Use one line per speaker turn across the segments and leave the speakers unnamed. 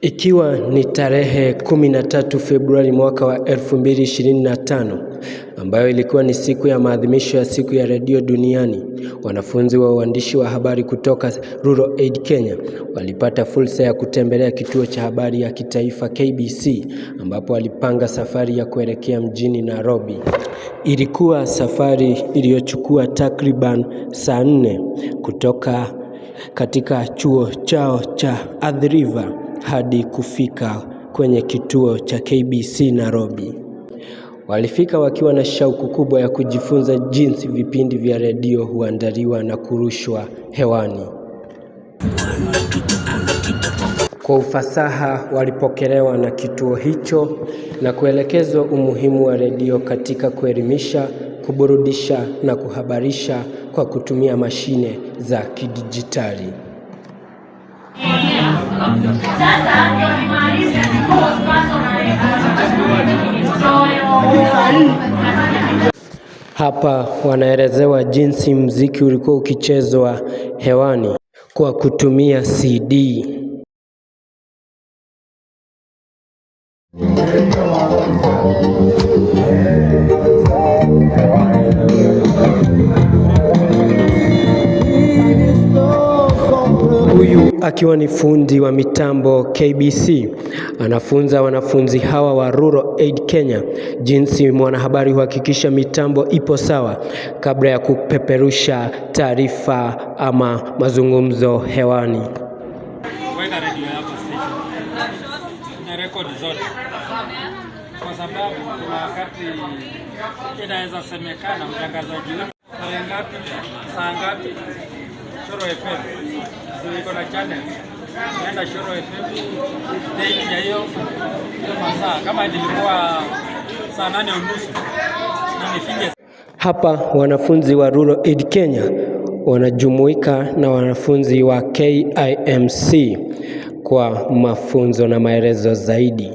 Ikiwa ni tarehe 13 Februari mwaka wa 2025 ambayo ilikuwa ni siku ya maadhimisho ya siku ya redio duniani. Wanafunzi wa uandishi wa habari kutoka Rural Aid Kenya walipata fursa ya kutembelea kituo cha habari ya kitaifa KBC ambapo walipanga safari ya kuelekea mjini Nairobi. Ilikuwa safari iliyochukua takriban saa nne kutoka katika chuo chao cha Athi River hadi kufika kwenye kituo cha KBC Nairobi. Walifika wakiwa na shauku kubwa ya kujifunza jinsi vipindi vya redio huandaliwa na kurushwa hewani. Kwa ufasaha walipokelewa na kituo hicho na kuelekezwa umuhimu wa redio katika kuelimisha kuburudisha na kuhabarisha kwa kutumia mashine za kidijitali. Hapa wanaelezewa jinsi mziki ulikuwa ukichezwa hewani kwa kutumia CD. Huyu akiwa ni fundi wa mitambo KBC anafunza wanafunzi hawa wa Rural Aid Kenya jinsi mwanahabari huhakikisha mitambo ipo sawa kabla ya kupeperusha taarifa ama mazungumzo hewani rekodi zote, kwa sababu kuna wakati inaweza semekana mtangazaji tarehe ngapi, saa ngapi, Shoro FM iko na channel naenda Shoro FM date ya hiyo masaa, kama ilikuwa saa nane unusu na nifike hapa. Wanafunzi wa Rural Aid Kenya wanajumuika na wanafunzi wa KIMC kwa mafunzo na maelezo zaidi.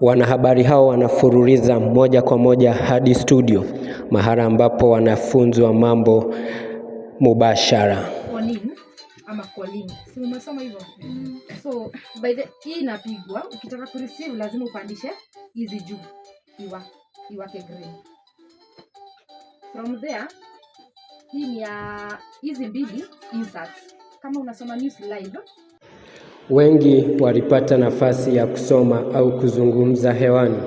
Wanahabari hao wanafururiza moja kwa moja hadi studio, mahala ambapo wanafunzwa mambo mubashara. Ama calling. Si umesoma hivyo? Mm. So by the hii inapigwa ukitaka ku receive lazima upandishe hizi juu. Iwa iwake green. From there hii ni ya hizi mbili inserts. Kama unasoma news live, wengi walipata nafasi ya kusoma au kuzungumza hewani,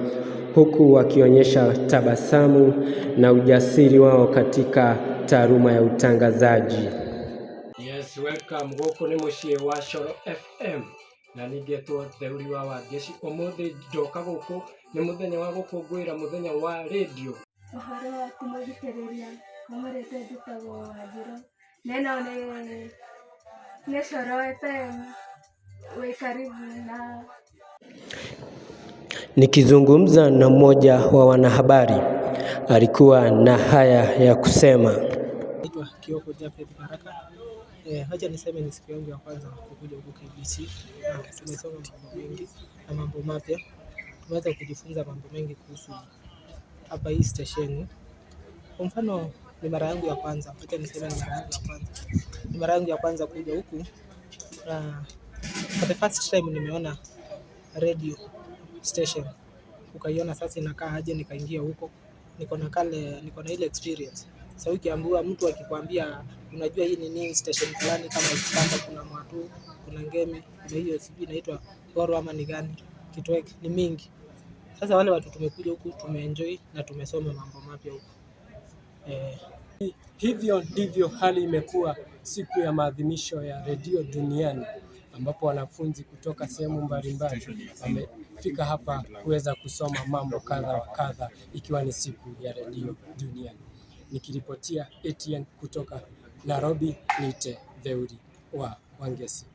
huku wakionyesha tabasamu na ujasiri wao katika taaluma ya utangazaji. Yes, welcome goko ni mucii wa Coro FM na ningetwo theuri wa Wanjeshi umuthi ndoka guku ni muthenya wa gukungwira muthenya wa radio uhoro waku mwagitĩrĩria అయితే ఎదుగుతావు జీరో నేను నే షొరవ అయితే we karibu na Nikizungumza na mmoja wa wanahabari alikuwa na haya ya kusema. Naitwa Kioko Jafet Baraka. Eh, hacha niseme ni siku yangu ya kwanza kukuja huku KBC. Nimesoma mambo mengi na mambo mapya. Tumeweza kujifunza mambo mengi kuhusu hapa hii stesheni. Kwa mfano ni mara yangu ya kwanza, acha niseme ni mara yangu ya kwanza, ni mara yangu ya kwanza kuja huku na for the first time nimeona
radio station, ukaiona sasa inakaa aje, nikaingia huko, niko na kale, niko na ile experience sasa. Ukiambiwa mtu akikwambia unajua hii ni nini station fulani, kama ikipanda kuna Mwatu, kuna Ngemi, na hiyo sijui inaitwa Goro ama ni gani, Kitwek, ni mingi. Sasa wale watu tumekuja huku tumeenjoy na tumesoma mambo mapya huko. Eh, hivyo ndivyo hali imekuwa siku ya maadhimisho ya redio duniani ambapo wanafunzi kutoka sehemu mbalimbali wamefika hapa kuweza kusoma mambo kadha wa kadha, ikiwa ni siku ya redio duniani. Nikiripotia ATN kutoka Nairobi, nite Theuri wa Wangeci.